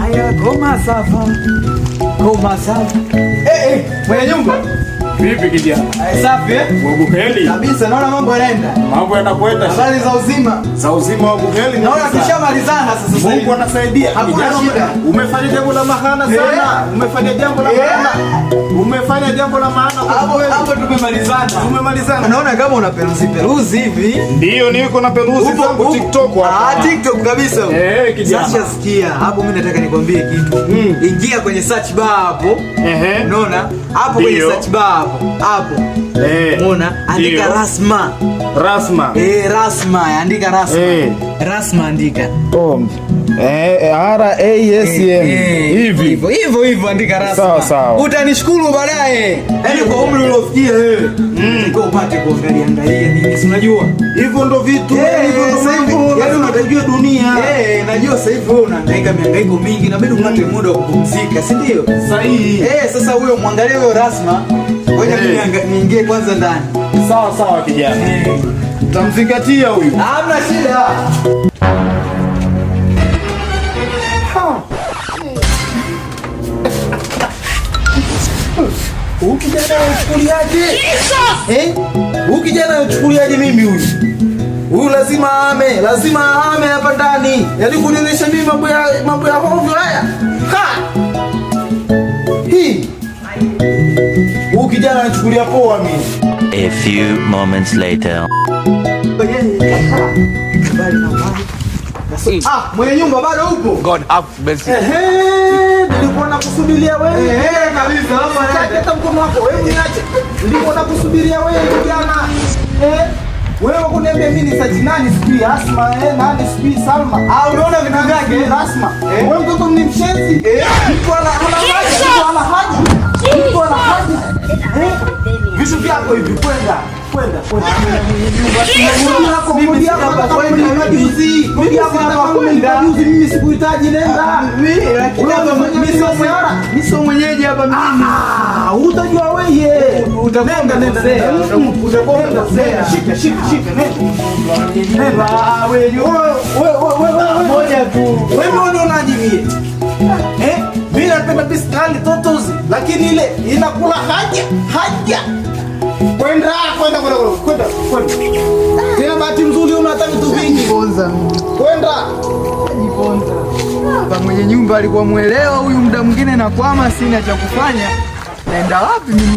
Aya, koma safa, koma safa. Eh, eh, mwenye nyumba Vipi kijana? Safi eh? Wabuheri. Kabisa, naona mambo yanaenda. Mambo yanakwenda. Habari za uzima. Za uzima wa wabuheri. Naona tushamalizana sasa hivi. Mungu anasaidia. Hakuna shida. Umefanya jambo la maana eh? sana. Umefanya jambo la eh? maana. Umefanya jambo la maana kwa kweli. Hapo tumemalizana. Tumemalizana. Naona kama una peruzi peruzi hivi. Ndio, niko na peruzi zangu TikTok hapa. Ah, TikTok kabisa. Eh, kijana. Sasa sikia, hapo mimi nataka nikwambie kitu. Hmm. Ingia kwenye search bar hapo. Ehe. Unaona? Hapo kwenye search bar hapo hapo, unaona, andika rasma rasma, eh, rasma, andika rasma eh, rasma, andika bom oh, eh, eh, R A S M, eh, eh, hivi hivyo hivyo hivyo, andika rasma. Sawa sawa, utanishukuru baadaye, yaani kwa umri uliofikia wewe, mmm, kwa upate kuangalia angalia nini, si unajua hivyo ndio vitu hivyo ndio sasa, yaani unatajua dunia eh, najua sasa hivi wewe unahangaika mihangaiko mingi, na bado unapata muda wa kupumzika, si ndio? Sahihi eh. Sasa huyo mwangalie huyo rasma niingie kwanza ndani. Sawa sawa, kijana, Tamzingatia huyu, hamna shida. Huyu kijana anachukuliaje? Eh? Huyu kijana anachukuliaje mimi huyu? Huyu lazima ame, lazima ame hapa ndani. Yaani kunionyesha mimi mambo ya mambo ya hovyo haya. kijana anachukulia poa mimi. A few moments later. Ah, mwenye nyumba bado upo? God have mercy. Ehe, nilikuwa nakusubiria wewe. Ehe, kabisa hapa. Hata mkono wako wewe uniache. Nilikuwa nakusubiria wewe kijana. Eh? Wewe kuniambia mimi ni saji nani sijui Asma eh nani sijui Salma. Ah, unaona vinagaje Asma? Wewe mtoto ni mshenzi. Eh, niko na yako hivi, kwenda kwenda kwenda. Mimi sikuhitaji, nenda. Mimi sio mwenyeji hapa mimi. Utajua wewe. Utakwenda nenda eh? mimi? napenda piskali totozi, lakini ile inakula haja haja Kwenda kwenda kwenda kwenda. Tena bahati nzuri unataka vitu vingi. Bonza. Kwenda. mwenye nyumba alikuwa mwelewa huyu muda mwingine na kwama sina cha kufanya. Naenda wapi mimi?